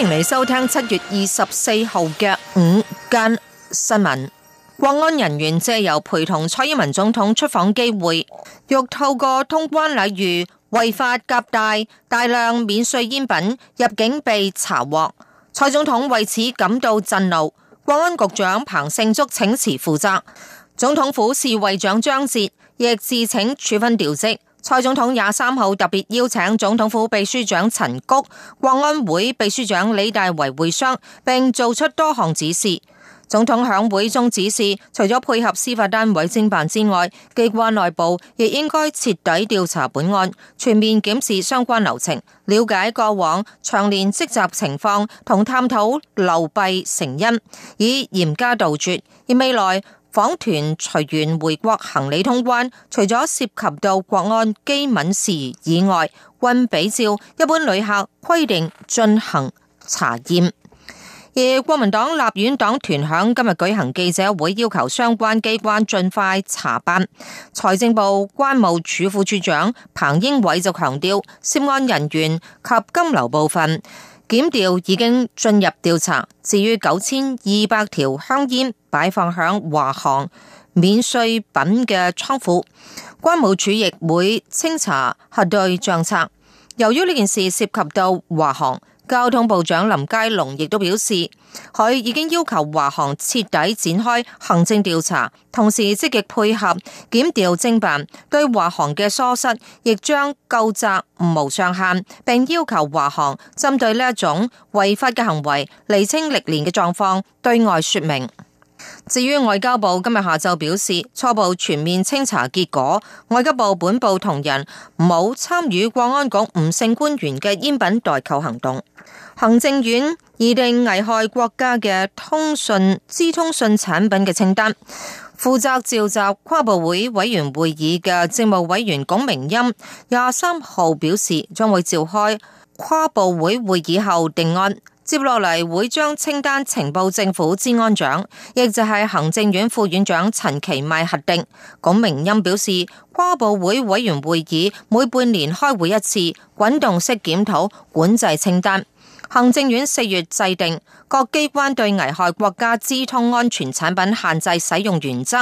歡迎你收聽七月二十四號嘅午間新聞。國安人員借由陪同蔡英文總統出訪機會，欲透過通關禮遇違法夾帶大，大量免稅煙品入境被查獲，蔡總統為此感到震怒。國安局長彭勝竹請辭負責，總統府侍衛長張哲亦自請處分調職。蔡總統廿三號特別邀請總統府秘書長陳菊、國安會秘書長李大維會商，並做出多項指示。總統響會中指示，除咗配合司法單位偵辦之外，機關內部亦應該徹底調查本案，全面檢視相關流程，了解過往長年積習情況同探討流弊成因，以嚴加杜絕。而未來，訪團隨員回國行李通關，除咗涉及到國安機敏事以外，均比照一般旅客規定進行查驗。而國民黨立院黨團響今日舉行記者會，要求相關機關盡快查辦。財政部關務署副署長彭英偉就強調，涉案人員及金流部分。檢調已經進入調查，至於九千二百條香煙擺放響華航免稅品嘅倉庫，關務署亦會清查核對賬冊。由於呢件事涉及到華航。交通部長林佳龍亦都表示，佢已經要求華航徹底展開行政調查，同時積極配合檢調偵辦，對華航嘅疏失亦將究責無上限，並要求華航針對呢一種違法嘅行為，釐清歷年嘅狀況，對外說明。至於外交部今日下晝表示，初步全面清查結果，外交部本部同仁冇參與國安局吳姓官員嘅煙品代購行動。行政院擬定危害國家嘅通訊資通訊產品嘅清單，負責召集，集跨部會委員會議嘅政務委員龔明鑫廿三號表示，將會召開跨部會會議後定案。接落嚟會將清單呈報政府資安長，亦就係行政院副院長陳其邁核定。龔明鑫表示，跨部會委員會議每半年開會一次，滾動式檢討管制清單。行政院四月制定各機關對危害國家資通安全產品限制使用原則，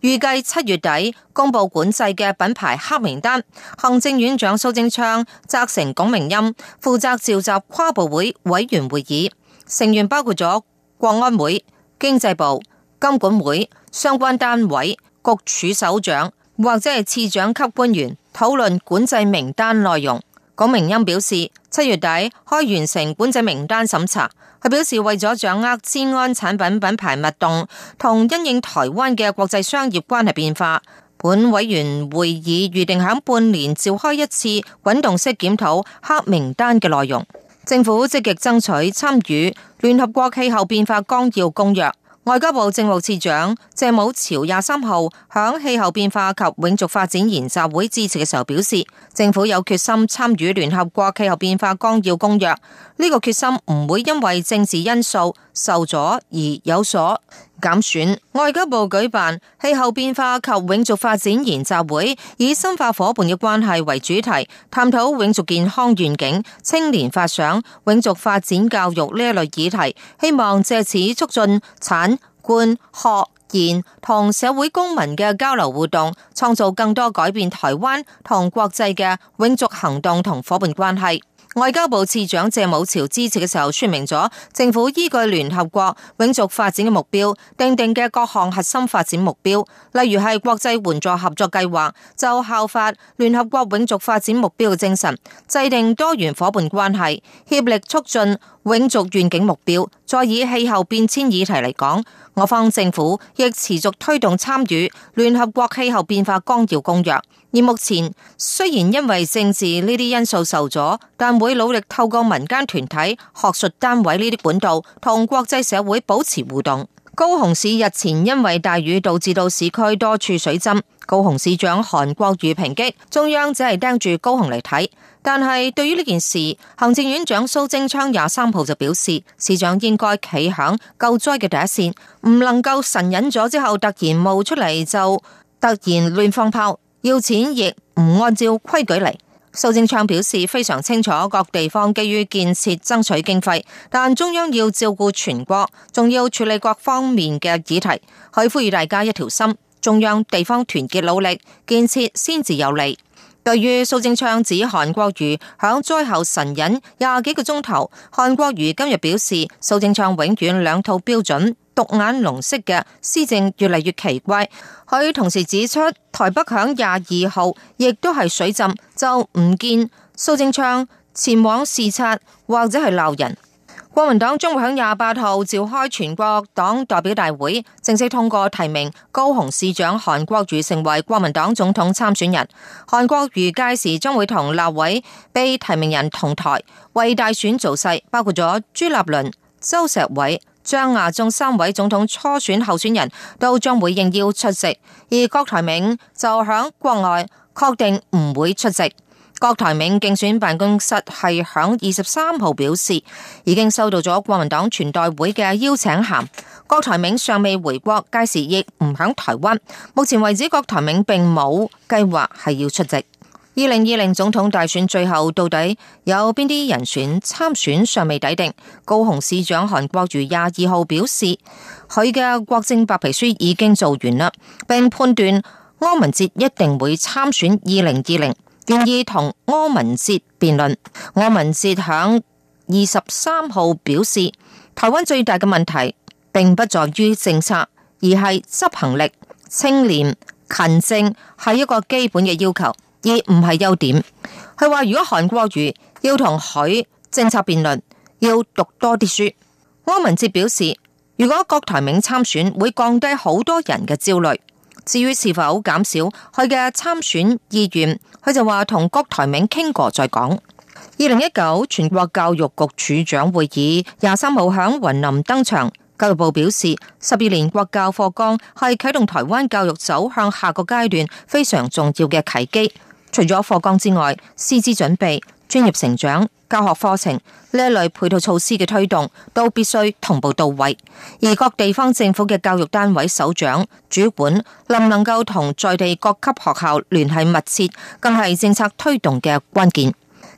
預計七月底公布管制嘅品牌黑名單。行政院長蘇貞昌責成龔明鑫負責召集跨部會委員會議，成員包括咗國安會、經濟部、金管會相關單位、局處首長或者係次長級官員，討論管制名單內容。龔明鑫表示，七月底開完成管制名單審查。佢表示，為咗掌握資安產品品牌脈動，同因應台灣嘅國際商業關係變化，本委員會已預定每半年召開一次滾動式檢討黑名單嘅內容。政府積極爭取參與聯合國氣候變化綱要公約。外交部政務次長謝武朝廿三號響氣候變化及永續發展研習會致辭嘅時候表示，政府有決心參與聯合國氣候變化綱要公約，呢、這個決心唔會因為政治因素。受阻而有所減損。外交部舉辦氣候變化及永續發展研習會，以深化夥伴嘅關係為主題，探討永續健康願景、青年發想、永續發展教育呢一類議題，希望借此促進產、官、學、研同社會公民嘅交流活動，創造更多改變台灣同國際嘅永續行動同夥伴關係。外交部次長謝武朝支持嘅時候，說明咗政府依據聯合國永續發展嘅目標訂定嘅各項核心發展目標，例如係國際援助合作計劃，就效法聯合國永續發展目標嘅精神，制定多元夥伴關係，協力促進。永續願景目標。再以氣候變遷議題嚟講，我方政府亦持續推動參與聯合國氣候變化綱要公約。而目前雖然因為政治呢啲因素受阻，但會努力透過民間團體、學術單位呢啲管道，同國際社會保持互動。高雄市日前因為大雨導致到市區多處水浸，高雄市長韓國瑜抨擊中央只係盯住高雄嚟睇，但係對於呢件事，行政院長蘇貞昌廿三號就表示，市長應該企響救災嘅第一線，唔能夠神隱咗之後突然冒出嚟就突然亂放炮，要錢亦唔按照規矩嚟。蘇貞昌表示，非常清楚各地方基於建設爭取經費，但中央要照顧全國，仲要處理各方面嘅議題，去呼籲大家一條心，中央地方團結努力，建設先至有利。對於蘇貞昌指韓國瑜響災後神隱廿幾個鐘頭，韓國瑜今日表示蘇貞昌永遠兩套標準。獨眼龍式嘅施政越嚟越奇怪，佢同時指出台北喺廿二號亦都係水浸，就唔見蘇貞昌前往視察或者係鬧人。國民黨將會喺廿八號召開全國黨代表大會，正式通過提名高雄市長韓國瑜成為國民黨總統參選人。韓國瑜屆時將會同立委被提名人同台為大選造勢，包括咗朱立倫、周石偉。張亞中三位總統初選候選人都將會應邀出席，而郭台銘就響國外確定唔會出席。郭台銘競選辦公室係響二十三號表示，已經收到咗國民黨全代會嘅邀請函。郭台銘尚未回國，屆時亦唔響台灣。目前為止，郭台銘並冇計劃係要出席。二零二零總統大選最後到底有邊啲人選參選尚未底定？高雄市長韓國瑜廿二號表示，佢嘅國政白皮書已經做完啦，並判斷柯文哲一定會參選二零二零，願意同柯文哲辯論。柯文哲響二十三號表示，台灣最大嘅問題並不在於政策，而係執行力、清廉、勤政係一個基本嘅要求。而唔係優點，佢話如果韓國瑜要同佢政策辯論，要讀多啲書。柯文哲表示，如果郭台銘參選，會降低好多人嘅焦慮。至於是否減少佢嘅參選意願，佢就話同郭台銘傾過再講。二零一九全國教育局處長會議廿三號響雲林登場，教育部表示，十二年國教課綱係啟動台灣教育走向下個階段非常重要嘅契機。除咗課綱之外，師資準備、專業成長、教學課程呢一類配套措施嘅推動，都必須同步到位。而各地方政府嘅教育單位首長、主管，能唔能夠同在地各級學校聯繫密切，更係政策推動嘅關鍵。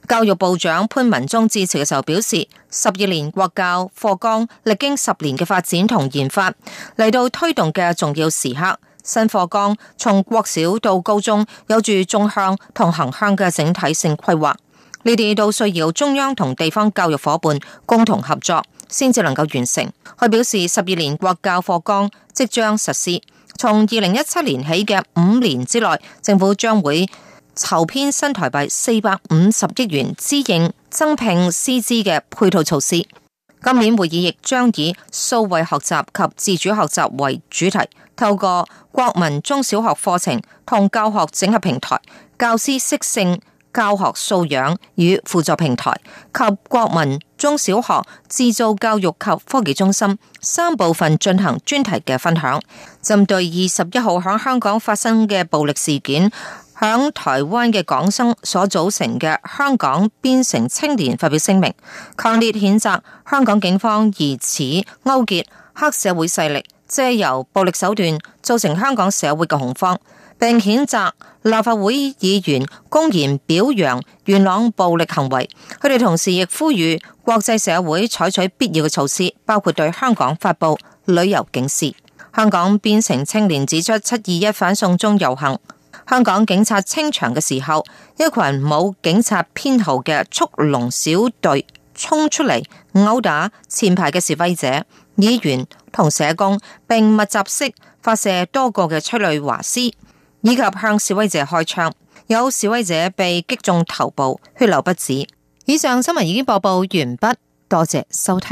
教育部長潘文忠致辭嘅時候表示，十二年國教課綱歷經十年嘅發展同研發，嚟到推動嘅重要時刻。新課綱從國小到高中有住縱向同橫向嘅整體性規劃，呢啲，都需要中央同地方教育夥伴共同合作，先至能夠完成。佢表示，十二年國教課綱即將實施，從二零一七年起嘅五年之內，政府將會籌編新台幣四百五十億元支應增聘師資嘅配套措施。今年會議亦將以數位學習及自主學習為主題，透過國民中小學課程同教學整合平台、教師適性教學素養與輔助平台及國民中小學自造教育及科技中心三部分進行專題嘅分享。針對二十一號喺香港發生嘅暴力事件，響台灣嘅港生所組成嘅香港邊城青年發表聲明，強烈譴責香港警方疑似勾結黑社會勢力，借由暴力手段造成香港社會嘅恐慌，並譴責立法會議員公然表揚元朗暴力行為。佢哋同時亦呼籲國際社會採取必要嘅措施，包括對香港發布旅遊警示。香港邊城青年指出，七二一反送中遊行，香港警察清場嘅時候，一群冇警察編號嘅速龍小隊衝出嚟，毆打前排嘅示威者、議員同社工，並密集式發射多個嘅催淚瓦斯，以及向示威者開槍，有示威者被擊中頭部，血流不止。以上新聞已經播報完畢，多謝收聽。